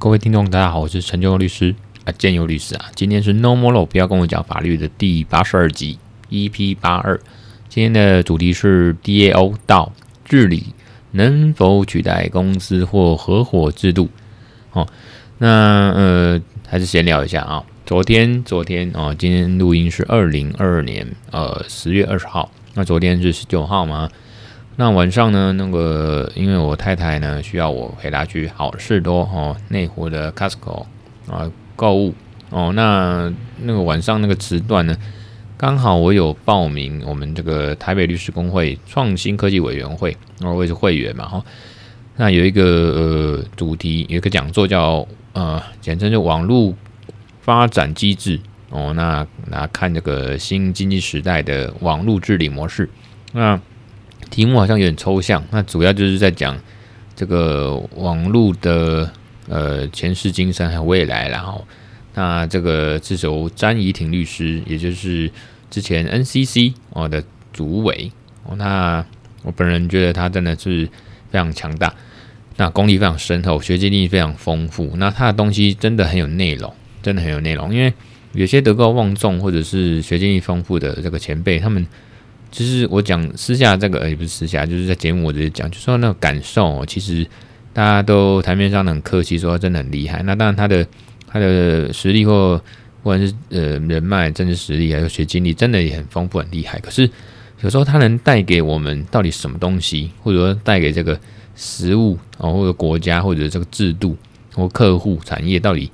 各位聽眾，大家好，我是陳秋律師啊，建佑律師啊，今天是 No More、Love、不要跟我講法律的第八十二集 EP 八二，EP82, 今天的主題是 DAO 到治理能否取代公司或合夥制度？哦，那呃，還是閒聊一下啊。昨天，昨天啊、哦，今天錄音是二零二二年呃十月二十號，那昨天是十九號嘛？那晚上呢？那個因為我太太呢需要我陪她去好事多哦，內湖的 Costco 啊、呃、購物哦。那那個晚上那個時段呢，剛好我有報名我們這個台北律師公會創新科技委員會，我也是會員嘛。哈、哦，那有一個呃主題，有一個講座叫呃，簡稱就網絡發展機制哦。那那看這個新經濟時代的網絡治理模式那。題目好像有點抽象，那主要就是在講這個網絡的呃前世今生還有未來，然、喔、後那這個這是由詹怡婷律師，也就是之前 NCC 哦、喔、的主委，那、喔、我本人覺得他真的是非常強大，那功力非常深厚，學經歷非常豐富，那他的東西真的很有內容，真的很有內容，因為有些德高望重或者是學經歷豐富的這個前輩，他們。其實我講私下這個也不是私下，就是在節目我直接講，就說那個感受。其實大家都台面上很客氣，說他真的很厲害。那當然他的他的實力或或者是呃人脈、政治實力還有學經歷，真的也很豐富很厲害。可是有時候他能帶給我們到底什麼東西，或者說帶給這個實物啊或者國家或者這個制度或者客戶產業到底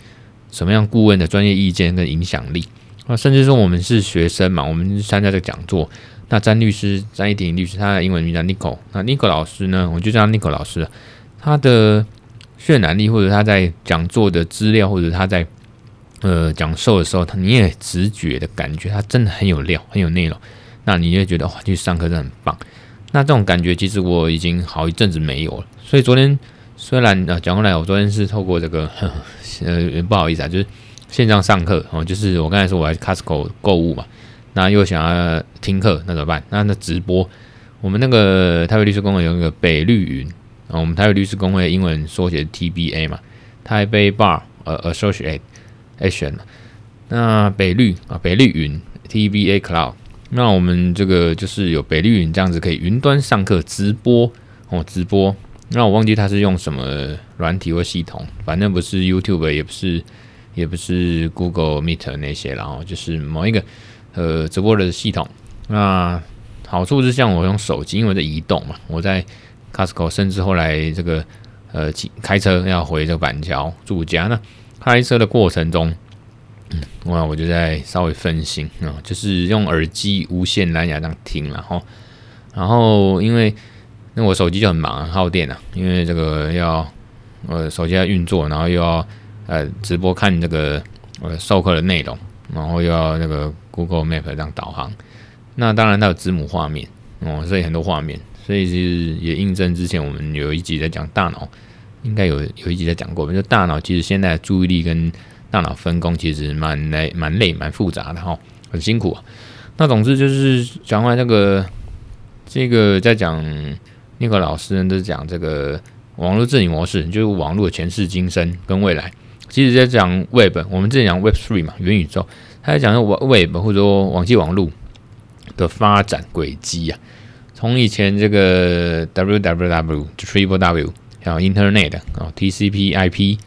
什麼樣顧問的專業意見跟影響力，那甚至說我們是學生嘛，我們參加這個講座。那詹律師，詹一婷律師，他的英文名叫 Nico。那 Nico 老師呢，我就叫 Nico 老師了。他的渲染力，或者他在講座的資料，或者他在呃講授的時候，他你也直覺的感覺，他真的很有料，很有內容。那你也覺得哇，去上課真的很棒。那這種感覺，其實我已經好一陣子沒有了。所以昨天雖然呃講回來，我昨天是透過這個呵呵呃不好意思啊，就是線上上課哦，就是我剛才說我在 Costco 購物嘛。那又想要聽課，那怎麼辦？那那直播，我們那個台北律師公會有一個北律雲啊、哦，我們台北律師公會英文縮寫 TBA 嘛，台北 Bar 呃 Associate Association，那北律啊北律雲 TBA Cloud，那我們這個就是有北律雲這樣子可以雲端上課直播哦直播，那我忘記它是用什麼軟體或系統，反正不是 YouTube，也不是也不是 Google Meet 那些啦，然後就是某一個。呃，直播的系統，那好處是像我用手機，因為在移動嘛，我在 Costco，甚至後來這個呃，開車要回這個板橋住家呢，那開車的過程中，我、嗯、我就在稍微分心啊，就是用耳機無線藍牙這樣聽了哈，然後因為那我手機就很忙、啊，耗電啊，因為這個要呃手機要運作，然後又要呃直播看這個、呃、授課的內容。然後又要那個 Google Map 這樣導航，那當然它有子母畫面哦，所以很多畫面，所以其實也印證之前我們有一集在講大腦，應該有有一集在講過，就大腦其實現在注意力跟大腦分工其實蠻累、蠻累、蠻複雜的哈、哦，很辛苦、啊。那總之就是講完那、這個這個在講那個老師呢就講這個網絡治理模式，就是網絡的前世今生跟未來。其實，在講 Web，我們之前講 Web Three 嘛，元宇宙，他在講 Web 或者說網際網路的發展軌跡啊，從以前這個 WWW，就 Triple W，然後 Internet 啊、TCP/IP，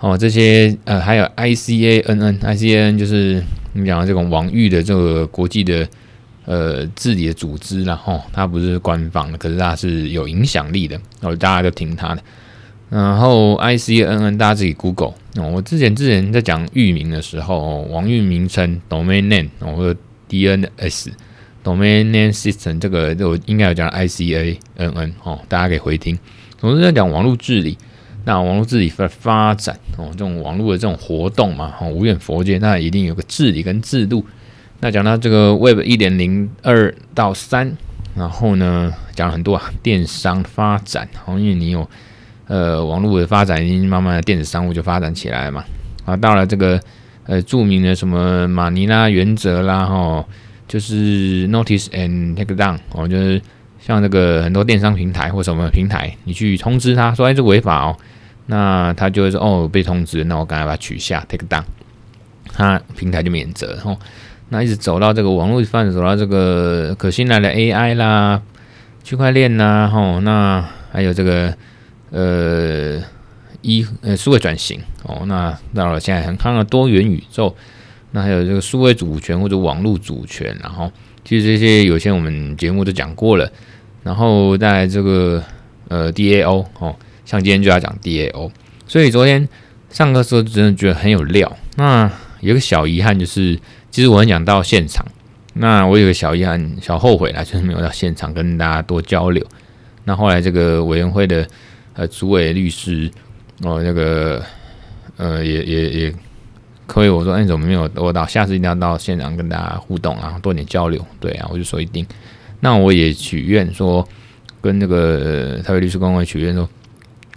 哦，這些呃還有 ICANN，ICN 就是我們講的這種網域的這個國際的呃治理的組織啊，然後它不是官方的，可是它是有影響力的，然後，哦，大家都聽它的。然後 ICANN 大家自己 Google 哦。我之前之前在講域名的時候，網、哦、域名稱 domain name 哦，或者 DNS domain name system，這個就、這個、應該有講 ICANN 哦，大家可以回聽。總之在講網絡治理，那網絡治理在發展哦，這種網絡的這種活動嘛，哦，無遠弗屆，那一定有個治理跟制度。那講到這個 Web 一點零二到三，然後呢講了很多啊，電商發展哦，因為你有。呃，網絡的發展已經慢慢的電子商務就發展起來了嘛，啊，到了這個呃著名的什麼馬尼拉原則啦，吼，就是 notice and take down，哦，就是像這個很多電商平台或什麼平台，你去通知他說，哎，這違法哦，那他就會說，哦，被通知，那我趕快把它取下，take down，他平台就免責，吼，那一直走到這個網絡發展走到這個可信賴的 AI 啦，區塊鏈啦，吼，那還有這個。呃，一呃，數位轉型哦，那到了現在，很看到多元宇宙，那還有這個數位主權或者網絡主權，然後其實這些有些我們節目都講過了，然後在這個呃 DAO 哦，像今天就要講 DAO，所以昨天上課的時候真的覺得很有料。那有個小遺憾就是，其實我很想到現場，那我有個小遺憾、小後悔啦，就是沒有到現場跟大家多交流。那後來這個委員會的。呃，主委律師，哦，那個，呃，也也也，也可以。我說、哎、怎麼沒有我到，下次一定要到現場跟大家互動啊，多點交流，對啊，我就說一定。那我也許願說，跟那、這個台灣律師公會許願說，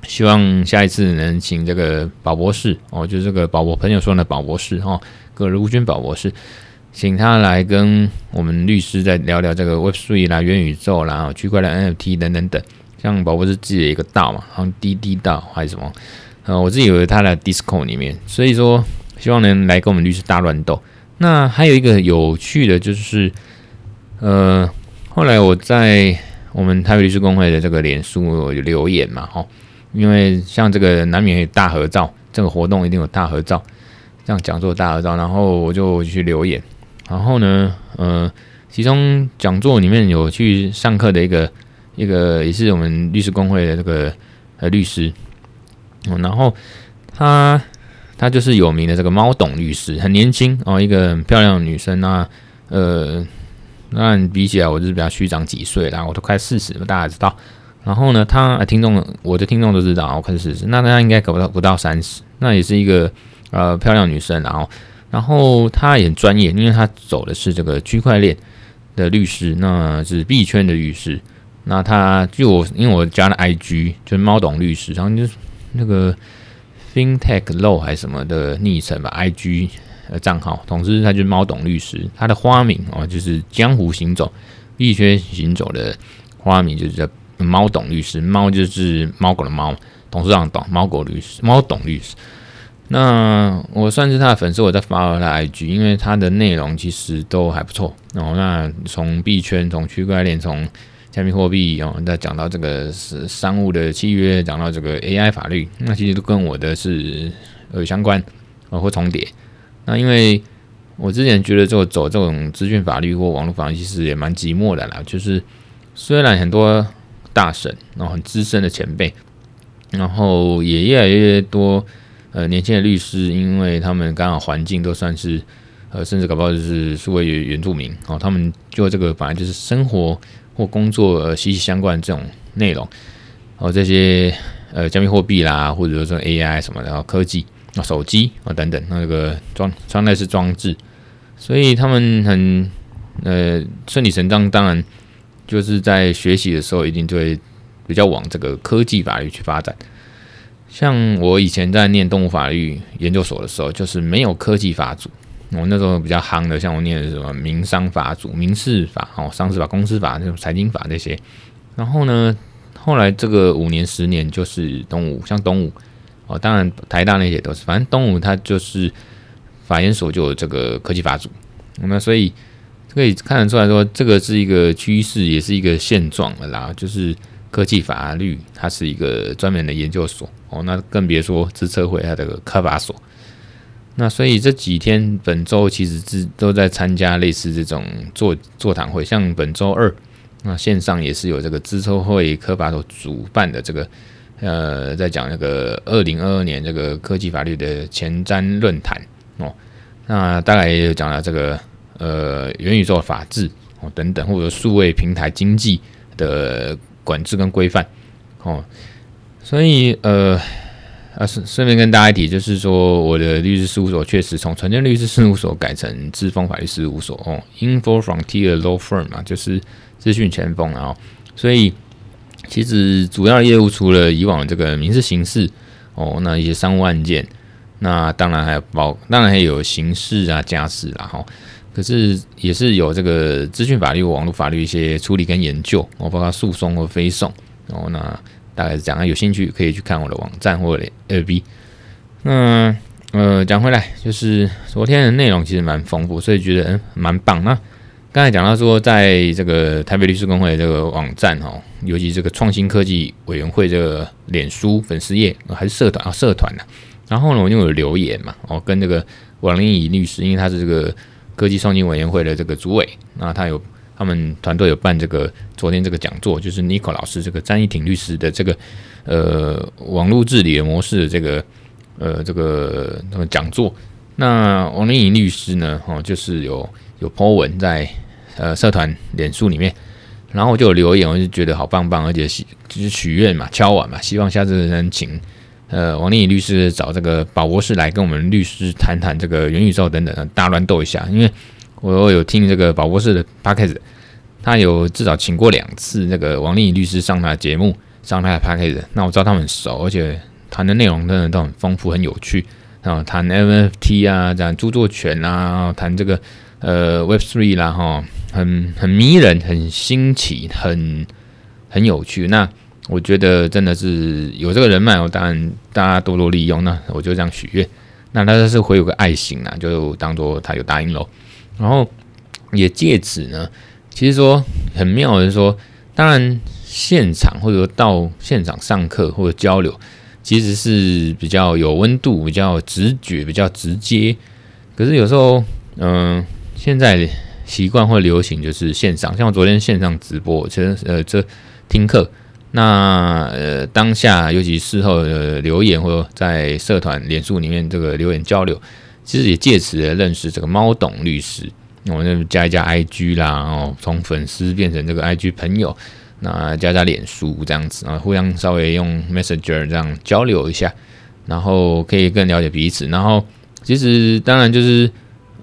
希望下一次能請這個寶博士，哦，就是這個寶我朋友說的寶博士哈，葛如鈞寶博士，請他來跟我們律師再聊聊這個 Web Three 啦、元宇宙啦、區塊鏈 NFT 等等等。像寶寶是自己的一個道嘛，然後滴滴道還是什麼？呃，我自己有他的 Discord 裡面，所以說希望能來跟我們律師大亂鬥。那還有一個有趣的就是，呃，後來我在我們台北律師公會的這個臉書我留言嘛，哈、哦，因為像這個難免有大合照，這個活動一定有大合照，這樣講座大合照，然後我就去留言，然後呢，呃，其中講座裡面有去上課的一個。一個也是我們律師公會的這個呃律師，嗯，然後他他就是有名的這個貓董律師，很年輕哦，一個很漂亮女生，那呃，那你比起來我就是比較虛長幾歲啦，我都快四十了，大家知道。然後呢，他聽眾我的聽眾都知道，我快四十，那他應該搞不到不到三十，那也是一個呃漂亮女生，然後然後她也很專業，因為她走的是這個區塊鏈的律師，那是幣圈的律師。那他就我，因為我加了 I G，就是貓董律師，然後就是那個 FinTech Low 還是什麼的昵稱吧，I G 的賬號，總之他就是貓董律師。他的花名哦，就是江湖行走，幣圈行走的花名，就是叫貓董律師。貓就是貓狗的貓，董事長董貓狗律師，貓董律師。那我算是他的粉絲，我在發他的 I G，因為他的內容其實都還不錯，然後，哦，那從幣圈，從區塊鏈，從加密貨幣一樣，再講到這個商商務的契約，講到這個 AI 法律，那其實都跟我的是呃相關哦或重疊。那因為我之前覺得，就走這種資訊法律或網絡法律，其實也蠻寂寞的啦。就是雖然很多大神，然後很資深的前輩，然後也越來越多呃年輕的律師，因為他們剛好環境都算是呃，甚至搞不好就是數位原住民哦，他們做這個本來就是生活。或工作呃息息相關的這種內容，然後、哦、這些呃加密貨幣啦，或者說 AI 什麼的，然後、哦、科技啊、哦、手機啊、哦、等等那個裝穿戴式裝置，所以他們很呃順理成章，當然就是在學習的時候一定就會比較往這個科技法律去發展。像我以前在念動物法律研究所的時候，就是沒有科技法組。我那時候比較行的，像我念的什麼民商法組、民事法、哦、商事法、公司法那種財經法那些。然後呢，後來這個五年、十年就是東吳，像東吳哦，當然台大那些都是，反正東吳它就是法研所就有這個科技法組。那所以可以看得出來說，這個是一個趨勢，也是一個現狀了啦。就是科技法律它是一個專門的研究所哦，那更別說資策會它的科法所。那所以這幾天本周其實是都在參加類似這種座座談會，像本周二，那線上也是有這個資策會科法所主辦的這個，呃，在講那個二零二二年這個科技法律的前瞻論壇哦，那大概也有講了這個呃元宇宙法治哦等等，或者數位平台經濟的管制跟規範哦，所以呃。啊，順順便跟大家一提，就是說我的律師事務所確實從傳建律師事務所改成智鋒法律事務所哦，Info Frontier Law Firm 嘛，啊，就是資訊前鋒啊。所以其實主要的業務除了以往這個民事刑事，刑事哦，那一些商務案件，那當然還有包，當然還有刑事啊，家事啦哈。可是也是有這個資訊法律、網絡法律一些處理跟研究，哦，包括訴訟和非訟，然，哦，後那。大概是講啊，有興趣可以去看我的網站或者二 B。那、嗯、呃，講回來就是昨天的內容其實蠻豐富，所以覺得、嗯、蠻棒、啊。那剛才講到說，在這個台北律師公會的這個網站哦，尤其這個創新科技委員會這個臉書粉絲頁還是社團啊、哦，社團呢、啊。然後呢，我就有留言嘛，哦，跟這個王林儀律師，因為他是這個科技創新委員會的這個主委，那他有。他們團隊有辦這個昨天這個講座，就是 Nico 老師這個詹一庭律師的這個呃網絡治理的模式的這個呃這個那個講座。那王麗穎律師呢，哦就是有有 po 文在呃社團臉書裡面，然後我就有留言，我就覺得好棒棒，而且是就是許願嘛，敲碗嘛，希望下次能請呃王麗穎律師找這個寶博士來跟我們律師談談這個元宇宙等等大亂鬥一下，因為。我有聽這個寶博士的 Podcast，他有至少請過兩次那個王琍瑩律師上他的節目，上他的 Podcast，那我知道他們很熟，而且談的內容真的都很豐富、很有趣啊，談 NFT 啊，講著作權啊，談這個呃 Web3 啦，哈，很很迷人、很新奇、很很有趣。那我覺得真的是有這個人脈，我當然大家多多利用啊。那我就這樣許願，那他就是會有個愛心啊，就當做他有答應嘍。然後也借此呢，其實說很妙的是說，當然現場或者到現場上課或者交流，其實是比較有溫度、比較直覺、比較直接。可是有時候，嗯、呃，現在習慣會流行就是線上，像我昨天線上直播，其實呃這聽課，那呃當下尤其事後的、呃、留言或者在社團、臉書裡面這個留言交流。其實也借此的認識這個貓董律師，我那加一加 I G 啦，哦，從粉絲變成這個 I G 朋友，那加加臉書這樣子啊，互相稍微用 Messenger 這樣交流一下，然後可以更了解彼此。然後其實當然就是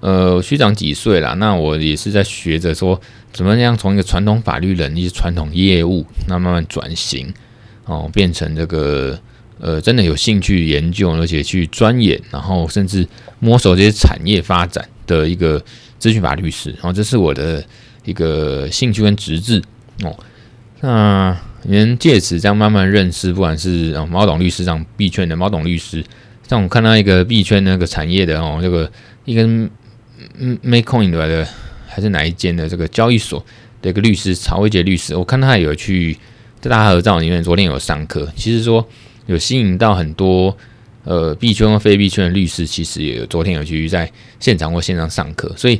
呃，虛長幾歲了，那我也是在學着說怎麼樣從一個傳統法律人、一些傳統業務，那慢慢轉型，哦，變成這個。呃，真的有興趣研究，而且去鑽研，然後甚至摸索這些產業發展的一個諮詢法律師，然、哦、後這是我的一個興趣跟職志哦。那你們借此這樣慢慢認識，不管是啊、哦、毛董律師這樣幣圈的毛董律師，像我看到一個幣圈那個產業的哦，這個一個嗯，make coin 的還是哪一間的這個交易所的一個律師曹偉傑律師，我看他有去在大合照裡面，昨天有上課，其實說。有吸引到很多呃，幣圈和非幣圈的律師，其實也有昨天有去在現場或線上上課，所以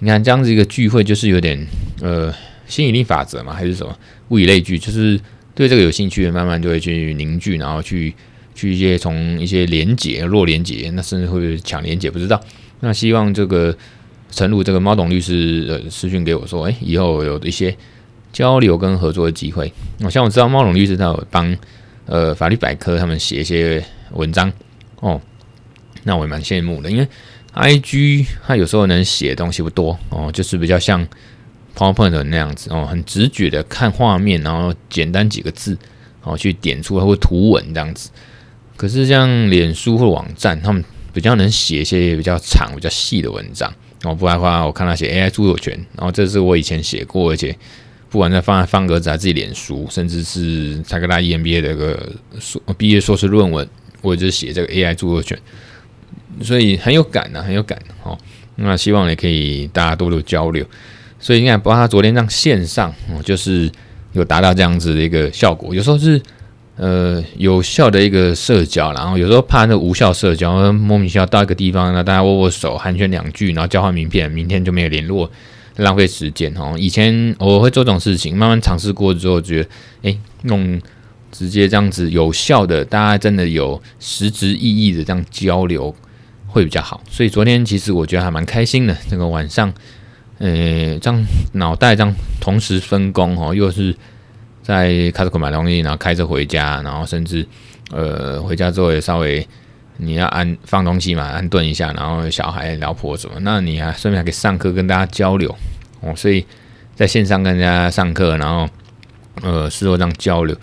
你看這樣子一個聚會就是有點呃吸引力法則嘛，還是什麼物以類聚，就是對這個有興趣的慢慢就會去凝聚，然後去去一些從一些聯結弱聯結，那甚至會不會搶聯結不知道。那希望這個陳儒這個貓董律師呃私訊給我說，哎、欸，以後有一些交流跟合作的機會。哦，像我知道貓董律師他有幫。呃，法律百科他們寫一些文章哦，那我也蠻羨慕的，因為 IG 他有時候能寫的東西不多哦，就是比較像 PowerPoint 的那樣子哦，很直覺的看畫面，然後簡單幾個字然後、哦、去點出它會圖文這樣子。可是像臉書或者網站，他們比較能寫一些比較長、比較細的文章哦。不然的話，我看他寫 AI 著作權，然後、哦、這是我以前寫過，而且。不管在放在方格子，還是自己臉書，甚至是他跟他 EMBA 的一個碩畢業碩士論文，我就是寫這個 AI 著作權，所以很有感啊，很有感。好、哦，那希望也可以大家多多交流。所以你看，包括他昨天讓線上，哦、就是有達到這樣子的一個效果。有時候是呃有效的一個社交，然後有時候怕那無效社交，莫名其妙到一個地方，那大家握握手寒暄兩句，然後交換名片，明天就沒有聯絡。浪費時間哦！以前我會做這種事情，慢慢嘗試過之後，覺得誒，弄、欸、直接這樣子有效的，大家真的有實質意義的這樣交流會比較好。所以昨天其實我覺得還蠻開心的，那、這個晚上，呃，這樣腦袋這樣同時分工哦，又是在 Costco 買東西，然後開車回家，然後甚至呃回家之後也稍微。你要安放東西嘛，安頓一下，然後小孩、老婆什麼，那你還、啊、順便還可以上課跟大家交流哦，所以在線上跟大家上課，然後呃，事後這樣交流、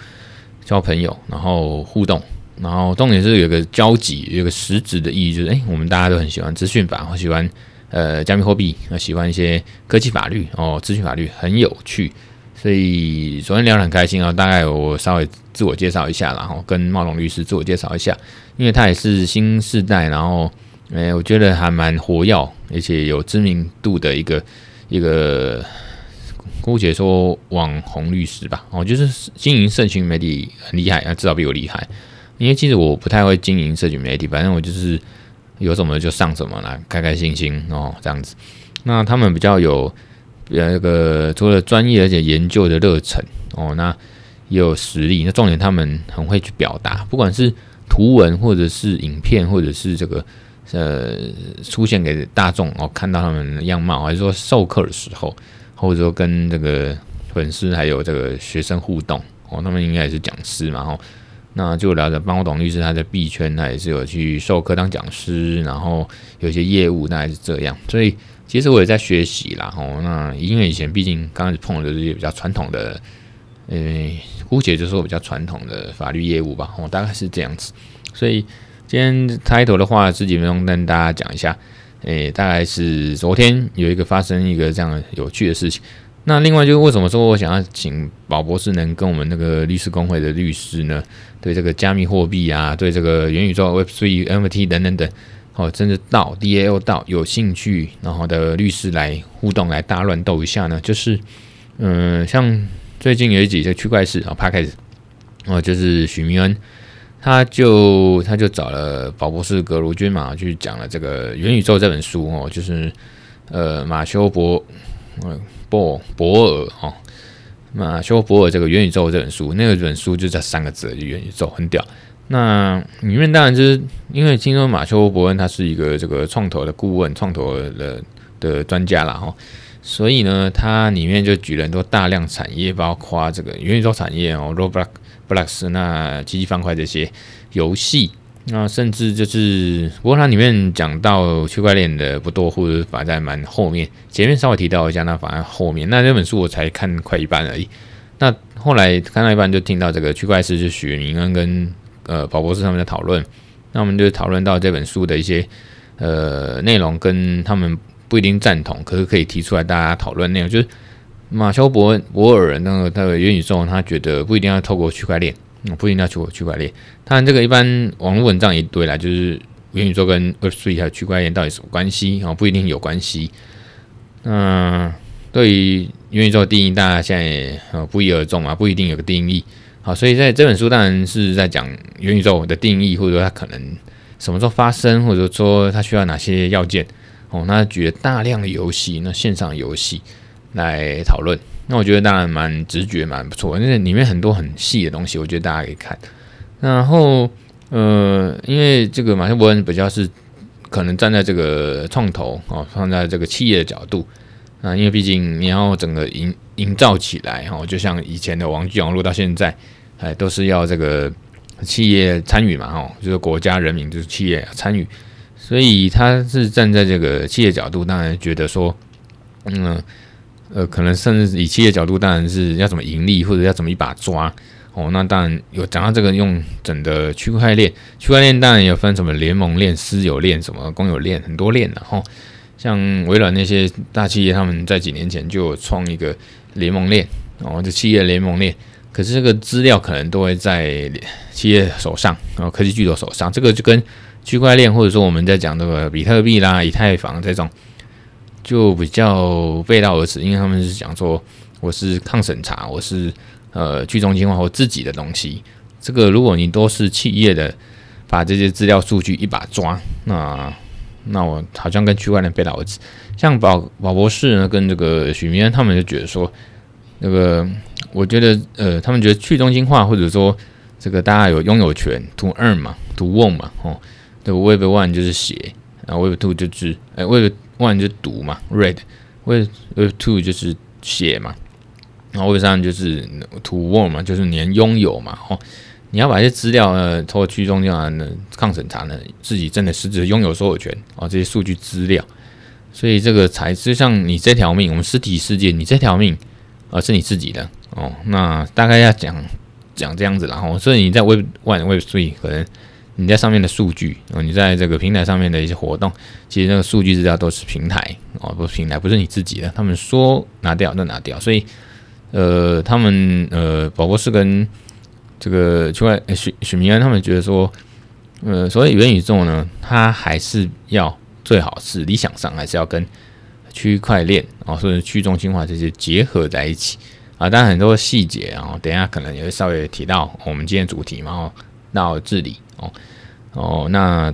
交朋友，然後互動，然後重點是有個交集，有個實質的意義，就是誒、欸，我們大家都很喜歡資訊法，喜歡呃加密貨幣，那喜歡一些科技法律哦，資訊法律很有趣，所以昨天聊得很開心啊、哦。大概我稍微自我介紹一下，然後跟茂龍律師自我介紹一下。因為他也是新世代，然後誒、哎，我覺得還蠻活躍，而且有知名度的一個一個，姑且說網紅律師吧。哦，就是經營社群媒體很厲害、啊，至少比我厲害。因為其實我不太會經營社群媒體，反正我就是有什麼就上什麼啦，開開心心哦這樣子。那他們比較有呃一、這個除了專業而且研究的熱忱哦，那也有實力，那重點他們很會去表達，不管是。圖文或者是影片，或者是這個呃出現給大眾哦看到他們的樣貌，哦、還是說授課的時候，或者說跟這個粉絲還有這個學生互動哦，他們應該也是講師嘛，然、哦、後那就聊着。幫我董律師他在幣圈，他也是有去授課當講師，然後有些業務那還是這樣。所以其實我也在學習啦，哦，那因為以前畢竟剛開始碰的這些比較傳統的。誒，姑且就說比較傳統的法律業務吧，我、哦、大概是這樣子。所以今天開頭的話，十幾分鐘跟大家講一下。誒，大概是昨天有一個發生一個這樣有趣的事情。那另外就是為什麼說我想要請寶博士能跟我們那個律師公會的律師呢？對這個加密貨幣啊，對這個元宇宙 Web Three、NFT 等等等，哦，真的到 DAO 到有興趣然後的律師來互動來大亂鬥一下呢？就是，嗯、呃，像。最近有一集個《奇趣怪事》啊 Podcast 哦，就是許明恩，他就他就找了寶博士葛如鈞嘛，去講了這個《元宇宙》這本書哦，就是呃馬修博嗯博博爾哈、哦、馬修博爾這個《元宇宙》這本書，那個本書就這三個字《元宇宙》很屌。那裡面當然就是因為聽說馬修博恩他是一個這個創投的顧問，創投的的，的專家了哈。哦所以呢，它裡面就舉了很多大量產業，包括這個元宇宙產業哦，Roblox，那積木方塊這些遊戲，那甚至就是不過它裡面講到區塊鏈的不多，或者擺在蠻後面，前面稍微提到一下，那擺在後面。那這本書我才看快一半而已，那後來看到一半就聽到這個區塊勢，就許明恩跟呃寶博士他們在討論，那我們就討論到這本書的一些呃內容跟他們。不一定贊同，可是可以提出來大家討論。內容就是馬修·鮑鮑爾那個他的元宇宙，他覺得不一定要透過區塊鏈，不一定要透過區塊鏈。當然，這個一般網絡文章一堆啦，就是元宇宙跟 Web3 還有區塊鏈到底什麼關係啊？不一定有關係。嗯，對於元宇宙的定義，大家現在不一而終嘛，不一定有個定義。好，所以在這本書當然是在講元宇宙的定義，或者說它可能什麼時候發生，或者說它需要哪些要件。哦，那舉大量的遊戲，那線上遊戲來討論，那我覺得當然蠻直覺，蠻不錯，因為裡面很多很細的東西，我覺得大家可以看。然後，呃，因為這個馬修伯恩比較是可能站在這個創投哦，放在這個企業的角度啊，那因為畢竟你要整個營營造起來哦，就像以前的網際網路到現在，還都是要這個企業參與嘛，哦，就是國家人民就是企業參與。所以他是站在這個企業角度，當然覺得說，嗯，呃，可能甚至以企業角度，當然是要怎麼盈利，或者要怎麼一把抓哦。那當然有講到這個用整個區塊鏈，區塊鏈當然有分什麼聯盟鏈、私有鏈、什麼公有鏈很多鏈的哈、哦。像微軟那些大企業，他們在幾年前就創一個聯盟鏈哦，就企業聯盟鏈。可是這個資料可能都會在企業手上然後、哦、科技巨頭手上，這個就跟，區塊鏈或者說我們在講這個比特幣啦、以太坊這種，就比較背道而馳，因為他們是講說我是抗審查，我是呃去中心化我自己的東西。這個如果你都是企業的，把這些資料數據一把抓，那那我好像跟區塊鏈背道而馳。像保保博士呢跟這個許明恩他們就覺得說，那、這個我覺得呃他們覺得去中心化或者說這個大家有擁有權，to earn 嘛，to own 嘛，哦。對，Web One 就是寫，然後 Web Two 就是，誒、欸、Web One 就是讀嘛，Read，Web Web Two 就是寫嘛，然後 Web 三就是 To Own 嘛，就是你能擁有嘛，哦，你要把這些資料呢，透、呃、過去中間啊，呢抗審查呢，自己真的實質擁有所有權啊、哦，這些數據資料，所以這個才就像你這條命，我們實體世界你這條命啊、呃、是你自己的哦，那大概要講講這樣子了哈、哦，所以你在 Web One，Web Three 可能，你在上面的數據、哦，你在這個平台上面的一些活動，其實那個數據資料都是平台，哦，不是平台，不是你自己的，他們說拿掉就拿掉，所以，呃，他們，呃，寶博士跟這個區塊勢許許明恩他們覺得說，呃，所以元宇宙呢，它還是要最好是理想上還是要跟區塊鏈啊，甚至去中心化這些結合在一起啊，當然很多細節啊，等一下可能也會稍微提到我們今天主題嘛。哦到治理哦，哦，那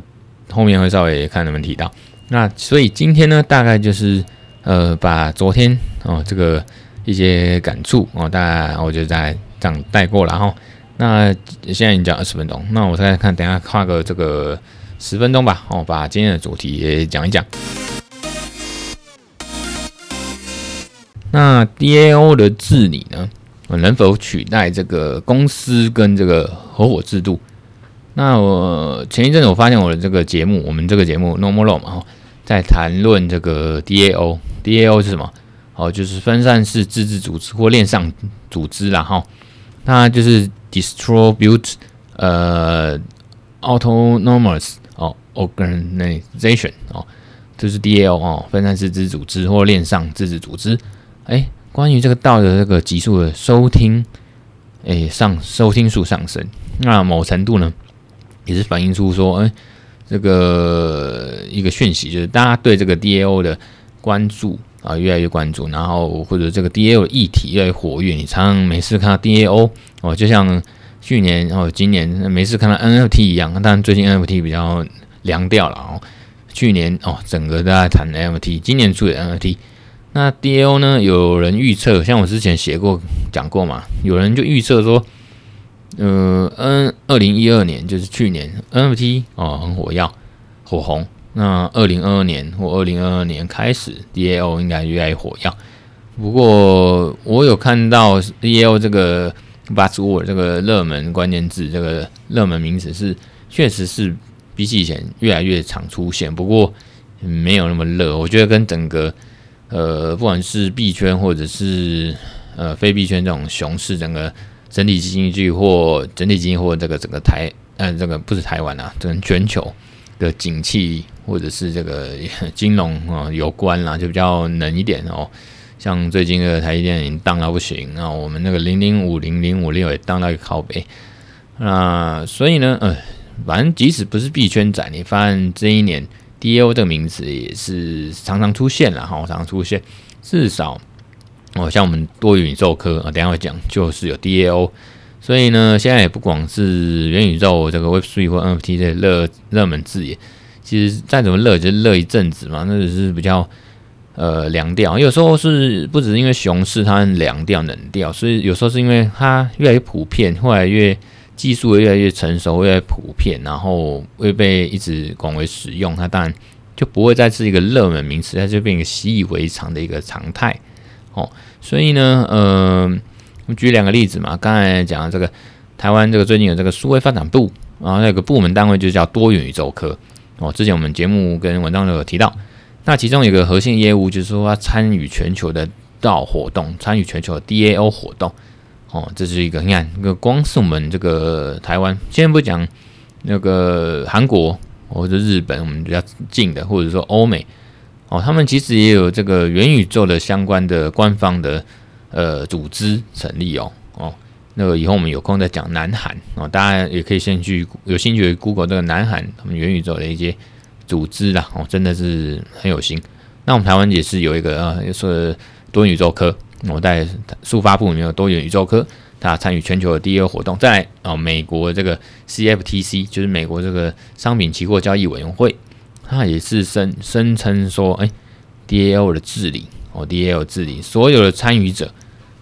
後面會稍微看能不能提到。那所以今天呢，大概就是呃，把昨天哦這個一些感觸哦，大家，我就再這樣帶過了哈、哦。那現在已經講二十分鐘，那我再看，等下跨個這個十分鐘吧。哦，把今天的主題也講一講。 那 DAO 的治理呢，能否取代這個公司跟這個？合、oh, 夥制度。那我前一陣子我發現我的這個節目，我們這個節目《No More Lo》在談論這個 DAO。DAO 是什麼？哦，就是分散式自治組織或鏈上組織啦，哈。那就是 distribute 呃 autonomous 哦 organization 哦，就是 DAO 哦，分散式自治組織或鏈上自治組織。誒、欸，關於這個道的這個集數的收聽，誒、欸，上收聽數上升。那某程度呢，也是反映出說，哎、呃，這個一個訊息就是大家對這個 DAO 的關注啊，越來越關注，然後或者這個 DAO 的議題越來越活躍。你常常每次看到 DAO，哦，就像去年哦，今年沒事看到 NFT 一樣，但最近 NFT 比較涼掉了哦。去年哦，整個都在談 NFT，今年出的 NFT。那 DAO 呢？有人預測，像我之前寫過講過嘛，有人就預測說。呃，N 二零一二年就是去年 NFT 哦，很火藥，火紅。那二零二二年或二零二二年開始，DAO 應該越來越火藥。不過我有看到 DAO 這個 Buzzword 這個熱門關鍵字，這個熱門名詞是確實是比起以前越來越常出現，不過、嗯、沒有那麼熱。我覺得跟整個呃不管是幣圈或者是呃非幣圈這種熊市整個。整體經濟或整體經濟或這個整個台，嗯、呃，這個不是台灣啊，整個全球的景氣或者是這個金融啊、哦、有關啦，就比較冷一點哦。像最近的台積電已經當到不行，那、啊、我們那個零零五零零五六也當到一個靠背。那、啊、所以呢，嗯、呃，反正即使不是幣圈仔，你發現這一年 DAO 這個名詞也是常常出現了，哈、哦，常常出現，至少。哦，像我們多語宇宙科啊，等一下會講，就是有 DAO，所以呢，現在也不光是元宇宙這個 Web Three 或 NFT 這些熱熱門字眼。其實再怎麼熱，就熱一陣子嘛，那只是比較呃涼掉。有時候是不只是因為熊市它很涼掉冷掉，所以有時候是因為它越來越普遍，後來越技術越來越成熟，越來越普遍，然後會被一直廣為使用，它當然就不會再是一個熱門名詞，它就變成一個習以為常的一個常態。哦，所以呢，嗯、呃，我舉兩個例子嘛。剛才講這個台灣這個最近有這個數位發展部，然後那個部門單位就叫多元宇宙科。哦，之前我們節目跟文章都有提到，那其中有一個核心業務就是說，他參與全球的 DAO 活動，參與全球的 DAO 活動。哦，這是一個，你看，一個光是我們這個台灣，先不講那個韓國或者日本，我們比較近的，或者說歐美。哦，他們其實也有這個元宇宙的相關的官方的呃組織成立哦，哦，那個以後我們有空再講南韓哦，大家也可以先去有興趣 Google 這個南韓他們元宇宙的一些組織啦哦，真的是很有心。那我們台灣也是有一個啊，也是多元宇宙科，嗯、我在數發部裡面有多元宇宙科，它參與全球的第一個活動，再來，哦美國這個 CFTC 就是美國這個商品期貨交易委員會。他也是聲，聲稱說，哎、欸、DAO 的治理哦、oh，DAO 治理所有的參與者，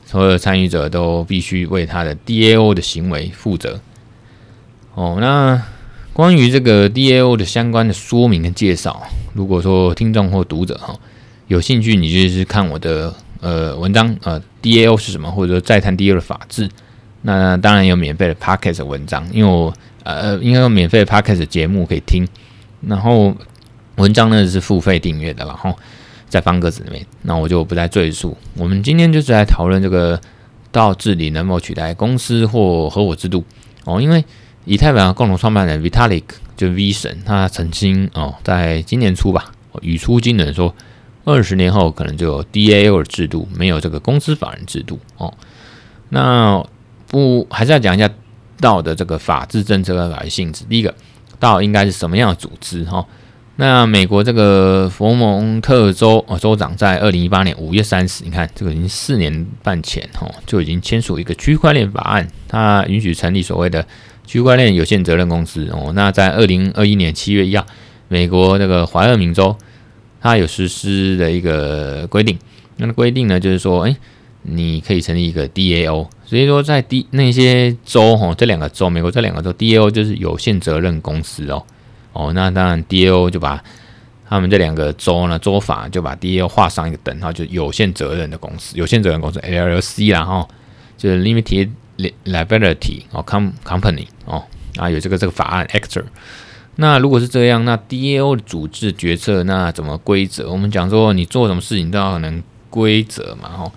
所有參與者都必須為他的 DAO 的行為負責。哦、oh，那關於這個 DAO 的相關的說明和介紹，如果說聽眾或讀者哈、oh, 有興趣，你就是看我的呃文章，呃，DAO 是什麼，或者說再談 DAO 的法治。那，那當然有免費的 podcast 的文章，因為我呃應該有免費的 podcast 的節目可以聽，然後。文章呢是付費訂閱的吧，然後在方格子裡面，那我就不再贅述。我們今天就是在討論這個道治理能否取代公司或合夥制度哦，因為以太坊共同創辦人 Vitalik 就 V 神他曾經哦在今年初吧，語出驚人說，二十年後可能就有 DAO 的制度，沒有這個公司法人制度哦。那不還是要講一下道的這個法治政策和法律性質？第一個道應該是什麼樣的組織？哈、哦？那美國這個佛蒙特州啊州，州長在二零一八年五月三十，你看這個已經四年半前哦，就已經簽署一個區塊鏈法案，它允許成立所謂的區塊鏈有限責任公司哦。那在二零二一年七月一號，美國這個懷俄明州它有實施的一個規定，那個規定呢就是說，哎、欸，你可以成立一個 DAO，所以說在第那些州哈，這兩個州美國這兩個州 DAO 就是有限責任公司哦。哦，那當然，D A O 就把他們這兩個州呢，州法就把 D A O 畫上一個等號，就有限責任的公司，有限責任公司 L L C 啦，哈、哦，就是 limited liability 哦，company 哦，啊有這個這個法案 actor。那如果是這樣，那 D A O 的組織決策那怎麼規則？我們講說你做什麼事情都要能規則嘛，哈、哦，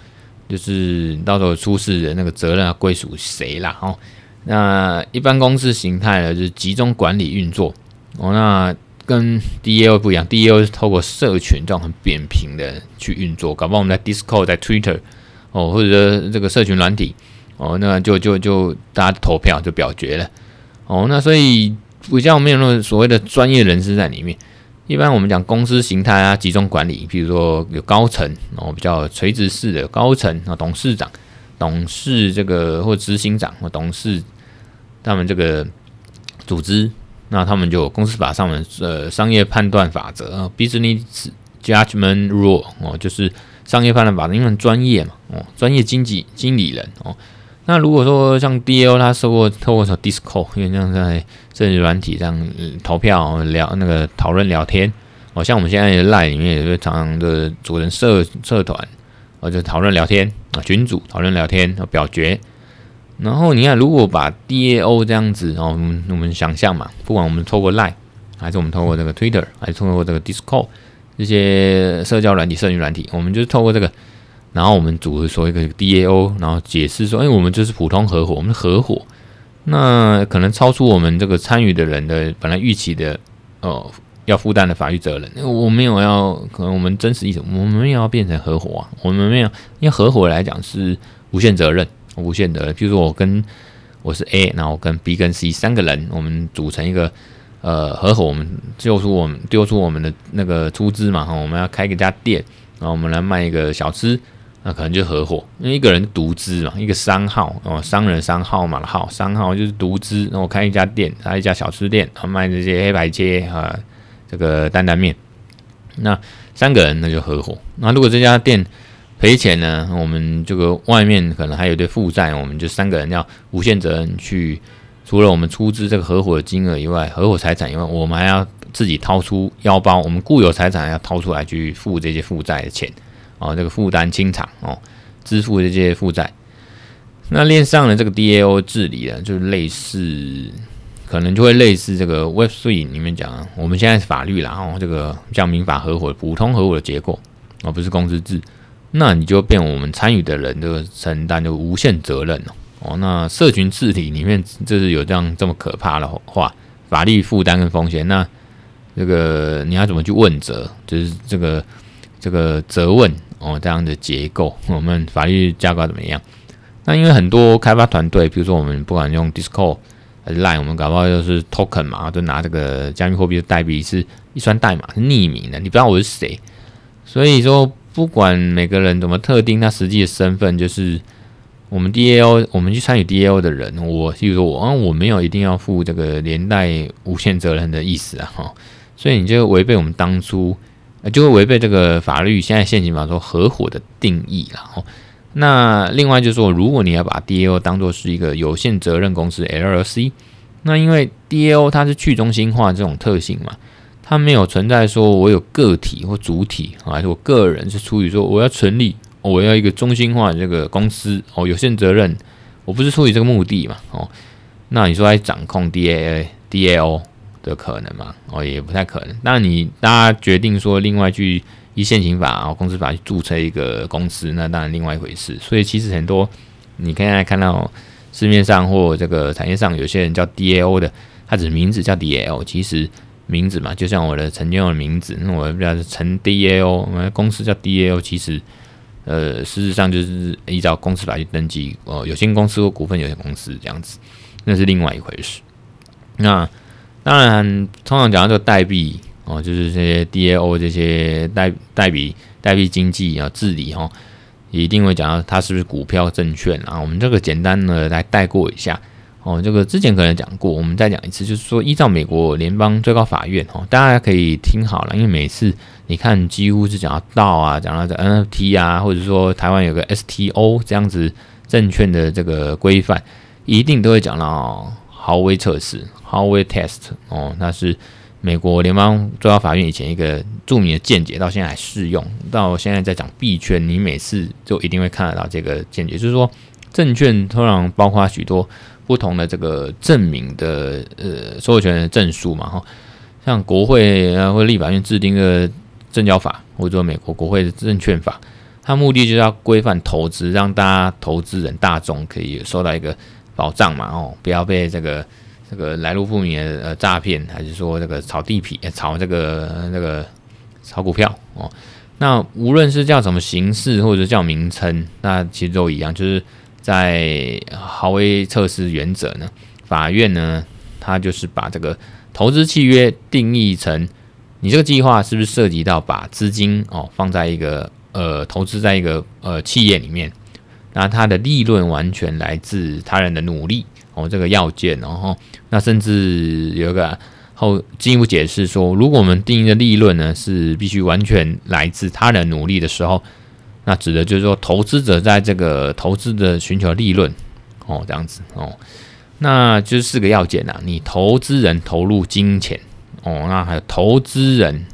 就是你到時候出事的那個責任歸屬誰啦，哈、哦，那一般公司形態呢，就是集中管理運作。哦，那跟 D A O 不一樣，D A O 是透過社群這樣很扁平的去運作，搞不好我們在 Discord、在 Twitter，哦，或者說這個社群軟體，哦，那就就就大家投票就表決了，哦，那所以比較沒有那種所謂的專業人士在裡面。一般我們講公司形態啊，集中管理，比如說有高層，然後，哦，比較垂直式的高層，那董事長、董事這個或執行長或董事他們這個組織。那他們就公司法上面，呃，商業判斷法則、啊、（business judgment rule） 哦，就是商業判斷法則，因為專業嘛，哦，專業經紀經理人哦。那如果說像 DAO 他受過透過什麼 Discord，因為這樣在社群軟體上，嗯、投票、哦、聊那個討論聊天，哦，像我們現在的 Line 裡面也會常常的組成社社團，而且討論聊天啊，群組討論聊天，然後表決。然後你看，如果把 DAO 這樣子，然後、哦、我們我們想象嘛，不管我們透過 Line 還是我們透過這個 Twitter，還是透過這個 Discord 這些社交軟體、社群軟體，我們就透過這個，然後我們組織說一個 DAO，然後解釋說，哎，我們就是普通合夥，我們合夥，那可能超出我們這個參與的人的本來預期的哦、呃，要負擔的法律責任，我沒有要，可能我們真實意思，我們沒有要變成合夥啊，我們沒有，因為合夥來講是無限責任。無限的，譬如說，我跟我是 A，然後我跟 B 跟 C 三個人，我們組成一個呃合夥，我們丟出我們丟出我們的那個出資嘛哈，我們要開一家店，然後我們來賣一個小吃，那、啊、可能就合夥，因為一個人獨資嘛，一個商號哦、啊，商人商號嘛，號商號就是獨資，然後開一家店，開一家小吃店，啊賣這些黑白切啊這個擔擔麵，那三個人那就合夥，那、啊、如果這家店。賠錢呢？我們這個外面可能還有一堆負債，我們就三個人要無限責任去。除了我們出資這個合夥的金額以外，合夥財產，以外，我們還要自己掏出腰包，我們固有財產要掏出來去付這些負債的錢啊、哦。這個負擔清償哦，支付這些負債。那鏈上的這個 DAO 治理呢，就是類似，可能就會類似這個 Web3 裡面講，我們現在是法律啦哦，這個叫民法合夥、普通合夥的結構而、哦、不是公司制。那你就變我們參與的人就承擔就無限責任了哦，哦。那社群治理裡面就是有這樣這麼可怕的話，法律負擔跟風險。那這個你要怎麼去問責？就是這個這個責問哦，這樣的結構，我們法律架構怎麼樣？那因為很多開發團隊，比如說我們不管用 Discord 還是 Line，我們搞不好就是 Token 嘛，就拿這個加密貨幣的代幣是一串代碼，是匿名的，你不知道我是誰，所以說。不管每個人怎麼特定他實際的身份，就是我們 DAO，我們去參與 DAO 的人，我譬如說我啊，我沒有一定要負這個連帶無限責任的意思啊，哈，所以你就違背我們當初，就會違背這個法律，現在現行法說合夥的定義啦，哦，那另外就是說，如果你要把 DAO 當做是一個有限責任公司 LLC，那因為 DAO 它是去中心化這種特性嘛。它沒有存在說，我有個體或主體啊，還是我個人是出於說我要成立，我要一個中心化的這個公司哦，有限責任，我不是出於這個目的嘛哦，那你說來掌控 DAO DAO 的可能嘛哦，也不太可能。那你大家決定說，另外去依現行法，公司法去註冊一個公司，那當然另外一回事。所以其實很多你現在看到市面上或這個產業上，有些人叫 DAO 的，他只是名字叫 DAO，其實。名字嘛，就像我的曾經用的名字，那我也不知道是陳 DAO，我們的公司叫 DAO，其實呃，實質上就是依照公司法去登記，呃，有限公司或股份有限公司這樣子，那是另外一回事。那當然，通常講到這個代幣哦、呃，就是這些 DAO 這些代代幣、代幣經濟啊、呃、治理哦、呃，一定會講到它是不是股票、證券啊。我們這個簡單的來帶過一下。哦，這個之前可能講過，我們再講一次，就是說依照美國聯邦最高法院，哦，大家可以聽好了，因為每次你看幾乎是講到 DAO 啊，講到這 NFT 啊，或者說台灣有個 STO 這樣子證券的這個規範，一定都會講到 Howey 測試 Howey Test 哦，那是美國聯邦最高法院以前一個著名的見解，到現在還適用。到現在在講幣圈，你每次就一定會看得到這個見解，就是說證券通常包括許多。不同的這個證明的呃所有權的證書嘛，哈、哦，像國會啊、呃、或立法院制定的證交法，或者說美國國會的證券法，它目的就是要規範投資，讓大家投資人大眾可以受到一個保障嘛，哦，不要被這個這個來路不明的呃詐騙，還是說這個炒地皮、炒這個那、呃這個炒股票哦，那無論是叫什麼形式或者叫名稱，那其實都一樣，就是。在豪威測試原則呢，法院呢，他就是把這個投資契約定義成，你這個計劃是不是涉及到把資金哦放在一個呃投資在一個呃企業裡面，那他的利潤完全來自他人的努力哦這個要件哦，然後那甚至有一個後進一步解釋說，如果我們定義的利潤呢是必須完全來自他人努力的時候。那指的就是說，投資者在這個投資的尋求利潤，哦，這樣子哦，那就是四個要件啦、啊。你投資人投入金錢，哦，那還有投資人，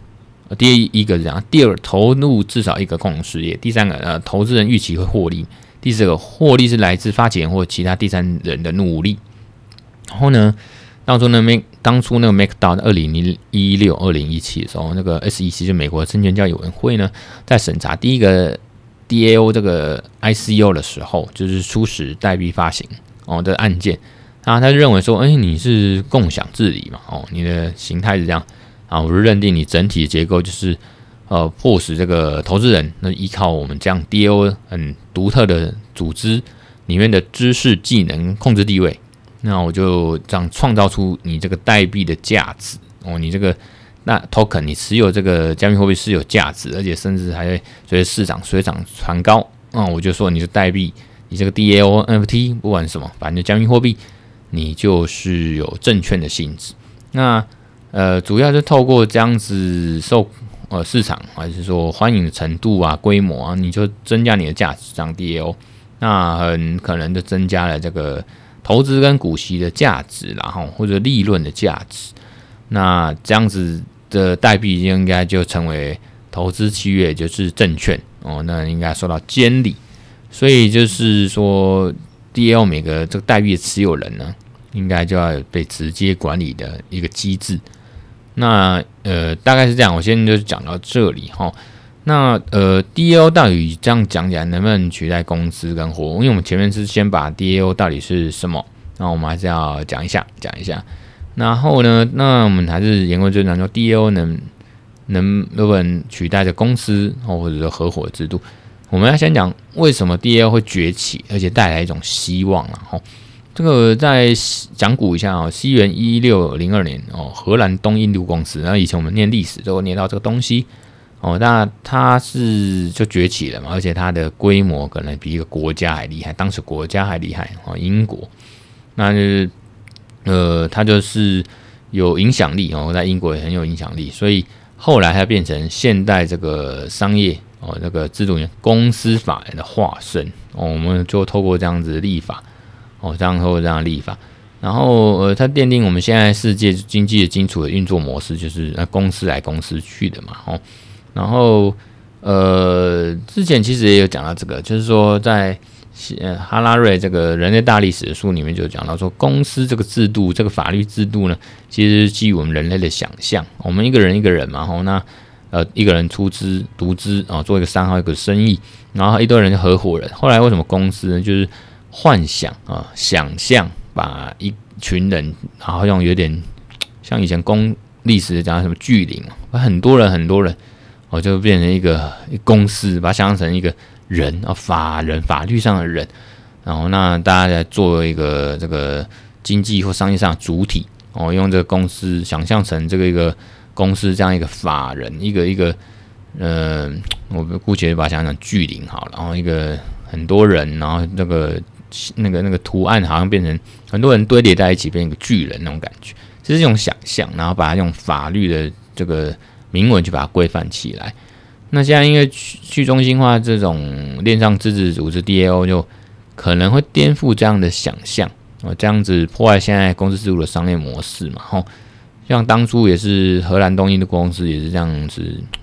第一一個是這樣，第二投入至少一個共同事業，第三個呃、啊、投資人預期會獲利，第四個獲利是來自發起人或其他第三人的努力。然後呢，當初那沒當初那個 MakerDAO 二零一六二零一七的時候，那個 S E C 就美國證券交易委員會呢，在審查第一個。DAO 這個 ICO 的時候，就是初始代幣發行哦的案件，那，他就認為說，哎，你是共享治理嘛，哦，你的形態是這樣，啊，我就認定你整體的結構就是，呃，迫使這個投資人，那依靠我們這樣 DAO 很獨特的組織裡面的知識技能控制地位，那我就這樣創造出你這個代幣的價值，哦，你這個。那 token 你持有這個加密貨幣是有價值，而且甚至還會隨着市場水漲船高那、嗯、我就說你是代幣，你這個 DAO NFT 不管什麼，反正加密貨幣你就是有證券的性質。那呃，主要是透過這樣子受呃市場還是說歡迎的程度啊、規模啊，你就增加你的價值，這樣 DAO。那很可能就增加了這個投資跟股息的價值，然後或者利潤的價值。那這樣子。的代幣應該就成為投資契約，就是證券哦。那應該受到監理，所以就是說，DAO 每個這個代幣的持有人呢，應該就要有被直接管理的一個機制。那呃，大概是這樣，我先就是講到這裡哈。那呃，DAO 到底這樣講起來能不能取代公司跟合夥？因為我們前面是先把 DAO 到底是什麼，那我們還是要講一下，講一下。然後呢？那我們還是言歸正傳，說 DAO 能能能不能取代的公司哦，或者說合夥制度？我們要先講為什麼 DAO 會崛起，而且帶來一種希望了、啊、哦。這個再講古一下哦，西元一六零二年哦，荷蘭東印度公司。然後以前我們念歷史都念到這個東西哦，那它是就崛起了嘛，而且它的規模可能比一個國家還厲害，當時國家還厲害哦，英國，那就是。呃，他就是有影響力哦，在英國也很有影響力，所以後來他變成現代這個商業哦，那個制度，公司法人的化身，哦，我們就透過這樣子的立法，哦，這樣透過這樣立法，然後呃，他奠定我們現在世界經濟的基礎的運作模式，就是那公司來公司去的嘛，哦，然後呃，之前其實也有講到這個，就是說在。哈拉瑞這個《人類大歷史》書裡面就講到說，公司這個制度、這個法律制度呢，其實是基於我們人類的想象。我們一個人一個人嘛，吼、哦，那呃一個人出資獨資啊，做一個商號、一個生意，然後一堆人合夥人。後來為什麼公司呢？就是幻想啊、哦，想象把一群人，好像有點像以前公歷史講什麼巨靈很多人很多人，我、哦、就變成一個一公司，把它想象成一個。人啊、哦，法人，法律上的人，然後那大家在做一個這個經濟或商業上的主體哦，用這個公司想象成這個一個公司這樣一個法人，一個一個呃，我們姑且把它想想巨靈好了，然後一個很多人，然後那個那個那個圖案好像變成很多人堆疊在一起，變成一個巨人那種感覺，這是一種想象，然後把它用法律的這個明文去把它規範起來。那現在因為去中心化這種鏈上自治組織 DAO 就可能會顛覆這樣的想象，這樣子破壞現在公司制度的商業模式嘛？哈，像當初也是荷蘭東印度公司也是這樣子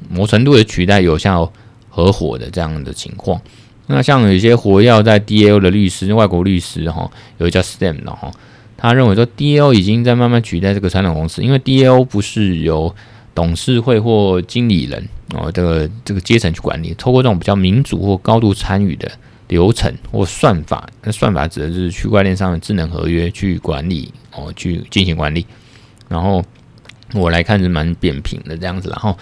某程度的取代有效合夥的這樣的情況。那像有一些活躍在 DAO 的律師，外國律師哈，有一個叫 Stem 的哈，他認為說 DAO 已經在慢慢取代這個傳統公司，因為 DAO 不是由董事會或經理人。哦，這個這個階層去管理，透過這種比較民主或高度參與的流程或算法，那算法指的是區塊鏈上的智能合約去管理，哦，去進行管理。然後我來看是蠻扁平的這樣子啦，哦，然後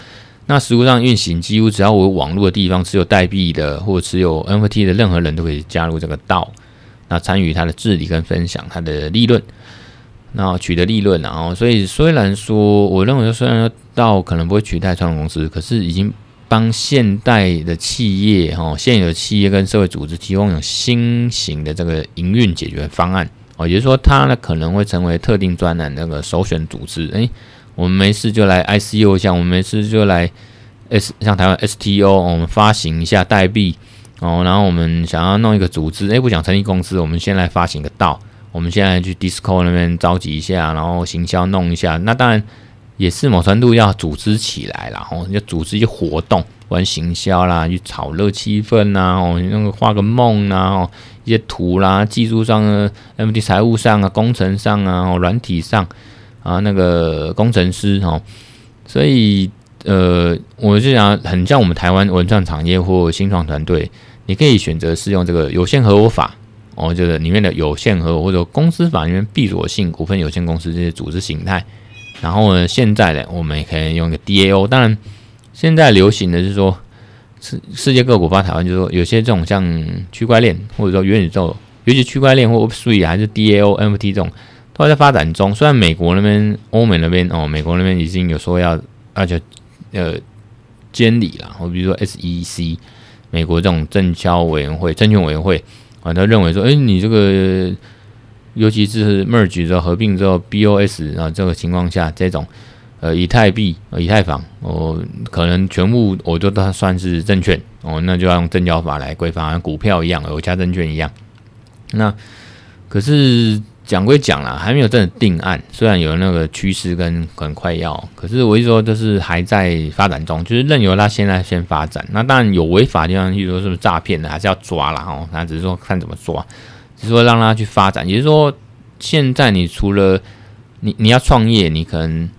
那實物上運行，幾乎只要我有網絡的地方，持有代幣的或持有 NFT 的任何人都可以加入這個 DAO，那參與它的治理跟分享它的利潤那取得利潤、啊哦，然後所以雖然說，我認為雖然說 DAO 可能不會取代傳統公司，可是已經幫現代的企業，哈、哦，現有的企業跟社會組織提供有新型的這個營運解決方案。哦，也就是說，它呢可能會成為特定專案那個首選組織。誒，我們沒事就來 ICO 一下，我們沒事就來 S 像台灣 STO，、哦、我們發行一下代幣，哦，然後我們想要弄一個組織，誒，不想成立公司，我們先來發行一個 DAO。我們現在去 Disco 那邊召集一下，然後行銷弄一下。那當然也是某程度要組織起來啦，然後要組織一些活動、玩行銷啦，去炒熱氣氛吶，啊，哦，那個畫個夢啦，哦，一些圖啦，技術上啊，MD 財務上啊，工程上啊，軟體上啊，那個工程師哦。所以呃，我就想，很像我們台灣文創產業或新創團隊，你可以選擇適用這個有限合夥法。然、哦、後就是裡面的有限合夥或者公司法裡面閉鎖性股份有限公司這些組織形態。然後呢，現在呢，我們也可以用一個 DAO。當然，現在流行的是說世世界各國包括台灣，就是說有些這種像區塊鏈或者說元宇宙，尤其區塊鏈或 Web3、啊、還是 DAO、NFT 這種都在發展中。雖然美國那邊、歐美那邊哦，美國那邊已經有說要而且、啊、呃監理了，或者比如說 SEC 美國這種證交委員會、證券委員會。啊，他認為說，哎，你這個，尤其是 merge 之後合併之後，BOS 啊這個情況下，這種呃以太幣、呃、以太坊，我、哦、可能全部我就它算是證券哦，那就要用證交法來規範，像股票一樣，有、哦、價證券一樣。那可是。講歸講啦，還沒有真的定案。雖然有那個趨勢跟很快要，可是我一說，就是還在發展中，就是任由他現在先發展。那當然有違法的地方，就如說是不是詐騙的，還是要抓了哦。那只是說看怎麼抓，只是說讓他去發展。也就是說，現在你除了你你要創業，你可能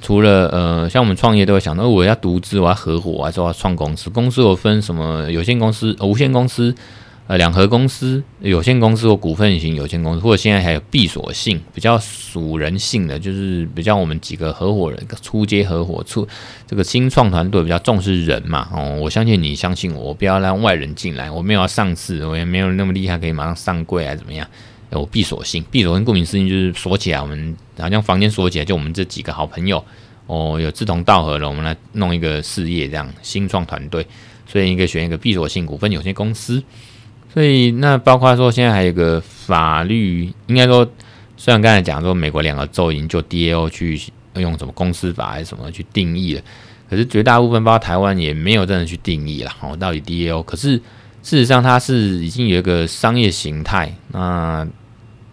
除了呃，像我們創業都會想到、哎、我要獨資，我要合夥，我要創公司。公司有分什麼有限公司、哦、無限公司。呃，兩合公司、有限公司或股份型有限公司，或者現在還有閉鎖性，比較屬人性的，就是比較我們幾個合夥人出街合夥出這個新創團隊比較重視人嘛。哦，我相信你，相信我，我不要讓外人進來，我沒有要上市，我也沒有那麼厲害，可以馬上上櫃啊，怎麼樣？有、哎、閉鎖性，閉鎖性顧名思義就是鎖起來，我們好像房間鎖起來，就我們這幾個好朋友哦，有志同道合的，我們來弄一個事業這樣新創團隊，所以應該選一個閉鎖性股份有限公司。所以那包括說，現在還有一個法律，應該說，雖然剛才講說美國兩個州已經就 DAO 去用什麼公司法還是什麼去定義了，可是絕大部分包括台灣也沒有真的去定義了。好、哦，到底 DAO，可是事實上它是已經有一個商業形態，那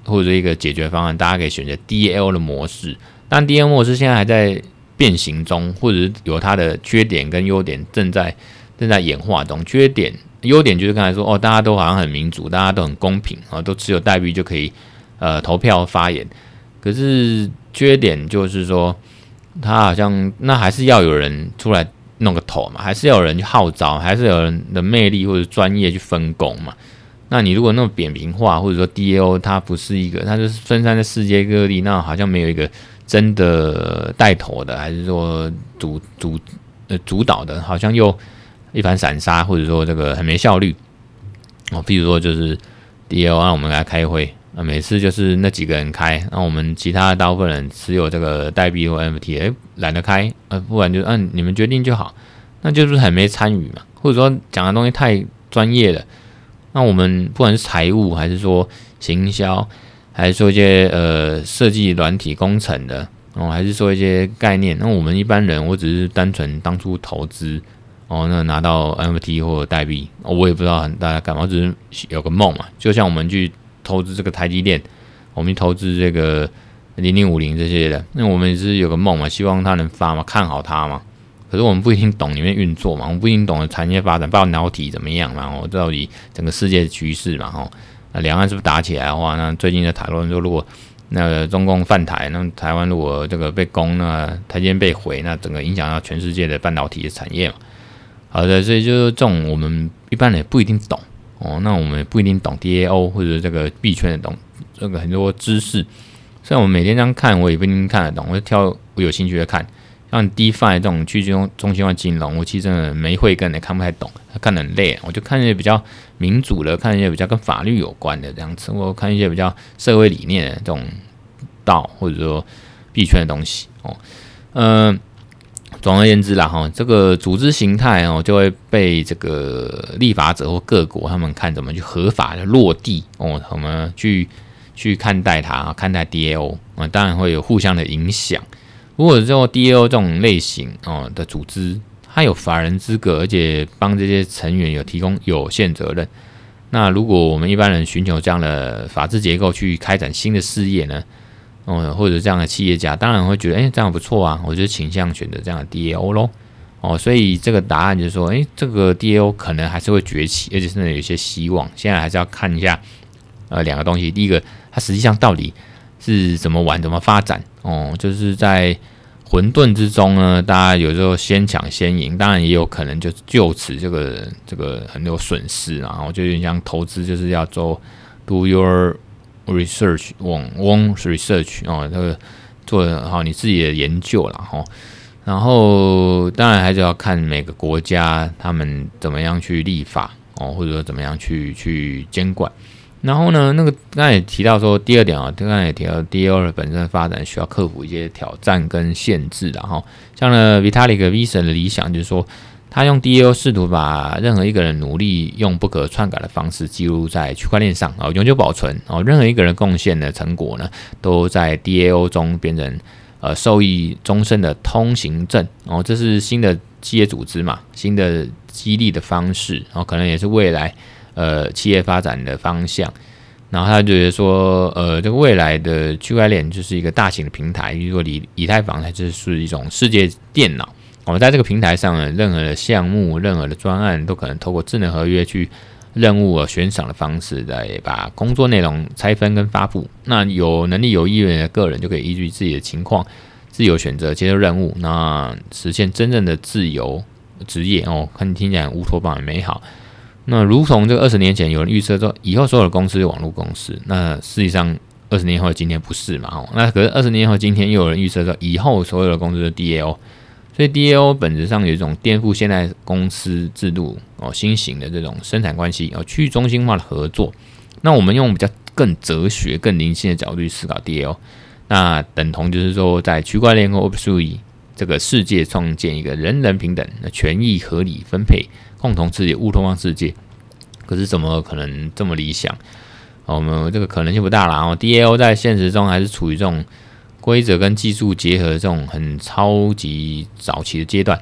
或者是一個解決方案，大家可以選擇 DAO 的模式。但 DAO 模式現在還在變形中，或者是有它的缺點跟優點正在正在演化中，缺點。優點就是剛才說哦，大家都好像很民主，大家都很公平，哦，都持有代幣就可以，呃，投票發言。可是缺點就是說，他好像那還是要有人出來弄個頭嘛，還是要有人去號召，還是要有人的魅力或者專業去分工嘛。那你如果那麼扁平化，或者說 DAO，他不是一個，他就是分散在世界各地，那好像沒有一個真的帶頭的，還是說主主呃主導的，好像又。一盤散沙，或者說這個很沒效率哦。譬如說，就是 DAO 讓、啊、我們來開會，那、啊、每次就是那幾個人開，那、啊、我們其他的大部分人持有這個代幣或 NFT，哎、欸，懶得開，呃、啊，不然就按、啊、你們決定就好，那就是很沒參與嘛。或者說講的東西太專業了，那、啊、我們不管是財務，還是說行銷，還是說一些呃設計、軟體、工程的，哦，還是說一些概念，那、啊、我們一般人我只是單純當初投資。哦，那拿到 NFT 或者代幣，哦，我也不知道大家幹嘛，我只是有個夢嘛。就像我們去投資這個台積電，我們去投資這個零零五零這些的，那我們也是有個夢嘛，希望它能發嘛，看好它嘛。可是我們不一定懂裡面運作嘛，我們不一定懂得產業發展，半導體怎麼樣嘛？我、哦、到底整個世界的局勢嘛？哈、哦，兩岸是不是打起來的話，那最近在討論說，如果那個中共犯台，那台灣如果這個被攻，那台積電被毀，那整個影響到全世界的半導體的產業嘛？好的，所以就是這種，我們一般人也不一定懂哦。那我們也不一定懂 DAO 或者這個幣圈的懂這個很多知識。雖然我每天這樣看，我也不一定看得懂。我就挑我有興趣的看，像 DeFi 這種去中中心化金融，我其實真的沒慧根，也看不太懂，看的很累。我就看一些比較民主的，看一些比較跟法律有關的這樣子，我看一些比較社會理念的這種道，或者說幣圈的東西哦，嗯、呃。總而言之啦，哈，這個組織形態哦，就會被這個立法者或各國他們看怎麼去合法的落地哦，怎麼去去看待它，看待 DAO，我們當然會有互相的影響。如果就 DAO 這種類型哦的組織，它有法人資格，而且幫這些成員有提供有限責任，那如果我們一般人尋求這樣的法治結構去開展新的事業呢？嗯，或者這樣的企業家當然會覺得，哎、欸，這樣不錯啊，我就傾向選擇這樣的 DAO 嘍。哦，所以這個答案就是說，哎、欸，這個 DAO 可能還是會崛起，而且甚至有些希望。現在還是要看一下，呃，兩個東西。第一個，它實際上到底是怎麼玩、怎麼發展？哦、嗯，就是在混沌之中呢，大家有時候先搶先贏，當然也有可能就就此這個這個很有損失啊。我覺得你像投資就是要做 Do your research o n 是 research 哦，那個做哈你自己的研究了哈、哦，然後當然還是要看每個國家他們怎麼樣去立法哦，或者說怎麼樣去去監管。然後呢，那個剛才也提到說第二點啊，剛、哦、才也提到 DAO 本身的發展需要克服一些挑戰跟限制的哈、哦，像呢 Vitalik Vision 的理想就是說。他用 DAO 試圖把任何一個人努力用不可篡改的方式記錄在區塊鏈上，哦，永久保存，哦，任何一個人貢獻的成果呢，都在 DAO 中變成，呃，受益終身的通行證，哦，這是新的企業組織嘛，新的激勵的方式，哦，可能也是未來，呃，企業發展的方向。然後他就覺得說，呃，這個未來的區塊鏈就是一個大型的平台，比如說以以太坊，它就是一種世界電腦。我們在這個平台上呢，任何的項目、任何的專案都可能透過智能合約去任務啊、懸、哦、賞的方式來把工作內容拆分跟發布。那有能力、有意願的個人就可以依據自己的情況自由選擇接受任務，那實現真正的自由職業哦。看聽起來烏托邦很美好。那如同這二十年前有人預測說，以後所有的公司是網絡公司。那實際上，二十年後的今天不是嘛？哦、那可是二十年後今天又有人預測說，以後所有的公司是 DAO。所以 DAO 本質上有一種顛覆現代公司制度哦，新型的這種生產關係哦，去中心化的合作。那我們用比較更哲學、更靈性的角度去思考 DAO，那等同就是說在，在區塊鏈和 Web3 這個世界，創建一個人人平等、那權益合理分配、共同治理、烏托邦世界。可是怎麼可能這麼理想？我們這個可能性不大啦。哦。DAO 在現實中還是處於這種。規則跟技術結合這種很超級早期的階段，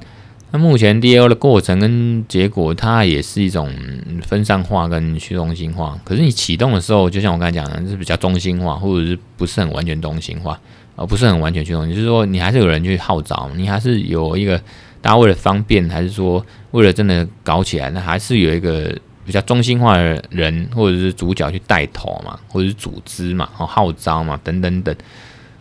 那目前 DAO 的過程跟結果，它也是一種分散化跟去中心化。可是你啟動的時候，就像我剛才講的，是比較中心化，或者是不是很完全中心化啊？而不是很完全去中心，就是說你還是有人去號召，你還是有一個大家為了方便，還是說為了真的搞起來，那還是有一個比較中心化的人或者是主角去帶頭嘛，或者是組織嘛、號召嘛等等等。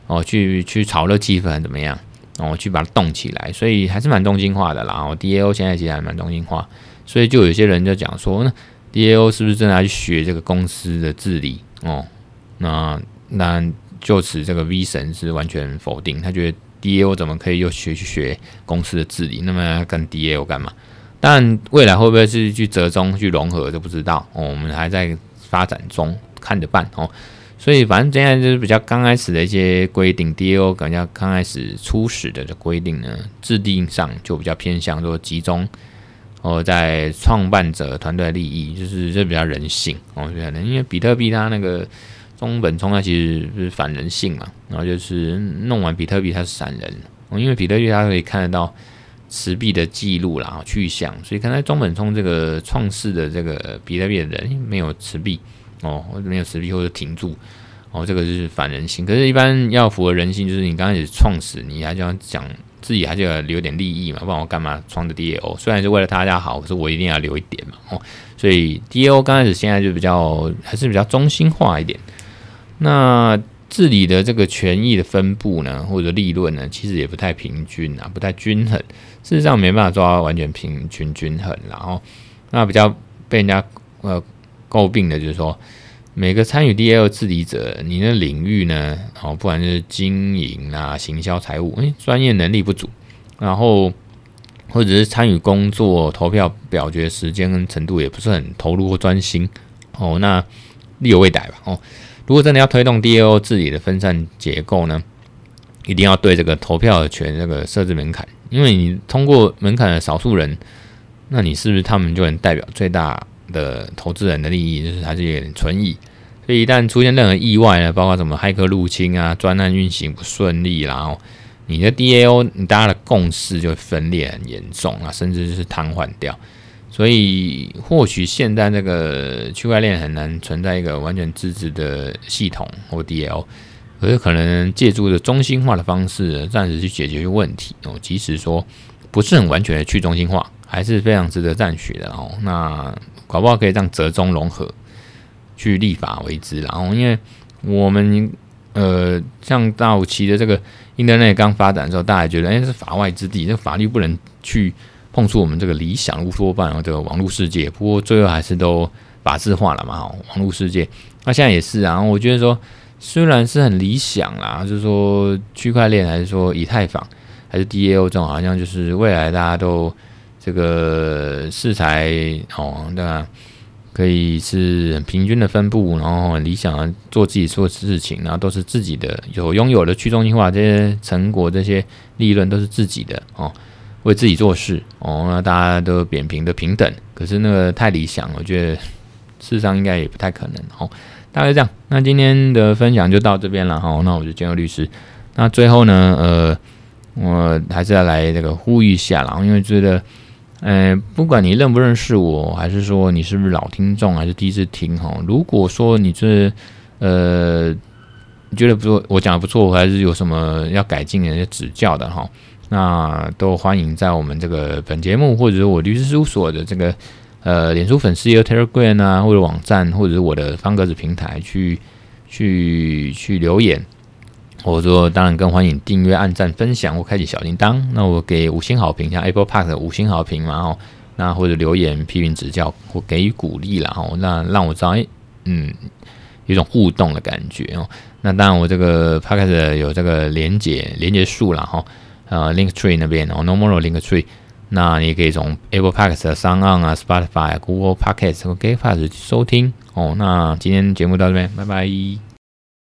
哦，去去炒熱氣氛怎麼樣？哦，去把它動起來，所以還是蠻中心化的啦。哦，DAO 現在其實還蠻中心化，所以就有些人就講說，那 DAO 是不是正在去學這個公司的治理？哦，那那就此這個 V 神是完全否定，他覺得 DAO 怎麼可以又學去學公司的治理？那麼跟 DAO 幹嘛？但未來會不會是去折中去融合都不知道。哦，我們還在發展中，看着辦哦。所以，反正現在就是比較剛開始的一些規定，DAO，比較剛開始初始的這規定呢，制定上就比較偏向說集中哦，在創辦者團隊利益，就是這比較人性哦。因為比特幣它那個中本聰它其實是反人性嘛，然後就是弄完比特幣它是閃人、哦，因為比特幣它可以看得到持幣的記錄啦、去向，所以看來中本聰這個創世的這個比特幣的人沒有持幣。哦，我沒有實力或者停住，哦，這個就是反人性。可是，一般要符合人性，就是你剛開始創始，你還就要講自己，還就要留點利益嘛，不然我幹嘛創的 D A O？雖然是為了他大家好，可是我一定要留一點嘛。哦，所以 D A O 剛開始現在就比較還是比較中心化一點。那治理的這個權益的分布呢，或者利潤呢，其實也不太平均啊，不太均衡。事實上，沒辦法抓完全平均均衡。然後，哦，那比較被人家呃。詬病的就是說，每個參與 DAO 治理者，你的領域呢，哦，不然就是經營啊、行銷、財務，哎，專業能力不足，然後或者是參與工作、投票、表決時間跟程度也不是很投入或專心，哦，那力有未逮吧。哦，如果真的要推動 DAO 治理的分散結構呢，一定要對這個投票權這個設置門檻，因為你通過門檻的少數人，那你是不是他們就能代表最大？的投資人的利益就是還是有點存疑，所以一旦出現任何意外呢，包括什麼駭客入侵啊、專案運行不順利啦，然後你的 DAO 你大家的共識就分裂很嚴重啊，甚至就是癱瘓掉。所以或許現在這個區塊鏈很難存在一個完全自治的系統或 DAO，可是可能借助著中心化的方式暫時去解決問題哦，即使說不是很完全的去中心化，還是非常值得讚許的哦。那。搞不好可以這樣折中融合去立法為之，然後因為我們呃，像早期的這個 internet 剛發展的時候，大家覺得哎，是法外之地，那法律不能去碰觸我們這個理想烏托邦的網絡世界。不過最後還是都法制化了嘛，哦，網絡世界。那現在也是啊。我覺得說，雖然是很理想啦、啊，就是說區塊鏈還是說以太坊還是 DAO 這種，好像就是未來大家都。這個市財哦，那可以是很平均的分佈，然後很理想做自己做的事情，然後都是自己的，有擁有的去中心化這些成果，這些利潤都是自己的哦，為自己做事哦，那大家都扁平的平等。可是那個太理想，我覺得事實上應該也不太可能哦。大概這樣，那今天的分享就到這邊了哈、哦。那我就見到律師。那最後呢，呃，我還是要來這個呼籲一下，然後因為覺得。呃，不管你認不認識我，還是說你是不是老聽眾，還是第一次聽哈？如果說你，就是呃覺得不錯，我講的不錯，還是有什麼要改進的，要指教的哈？那都歡迎在我們這個本節目，或者是我律師事務所的這個呃臉書粉絲頁、Telegram 啊，或者網站，或者是我的方格子平台去去去留言。我說，當然更歡迎訂閱、按讚、分享或開啟小鈴鐺。那我給五星好評，像 Apple Podcast 的五星好評嘛，哦，那或者留言、批評、指教或給予鼓勵了，哦，那讓我知道誒，嗯，有種互動的感覺哦。那當然，我這個 Podcast 有這個連接連接數了，哦，呃，Linktree 那邊哦，Normal Linktree，那你可以從 Apple Podcast 的 SoundOn 啊、Spotify、Google Podcast 和 KissCast 收聽。哦，那今天節目到這邊，拜拜。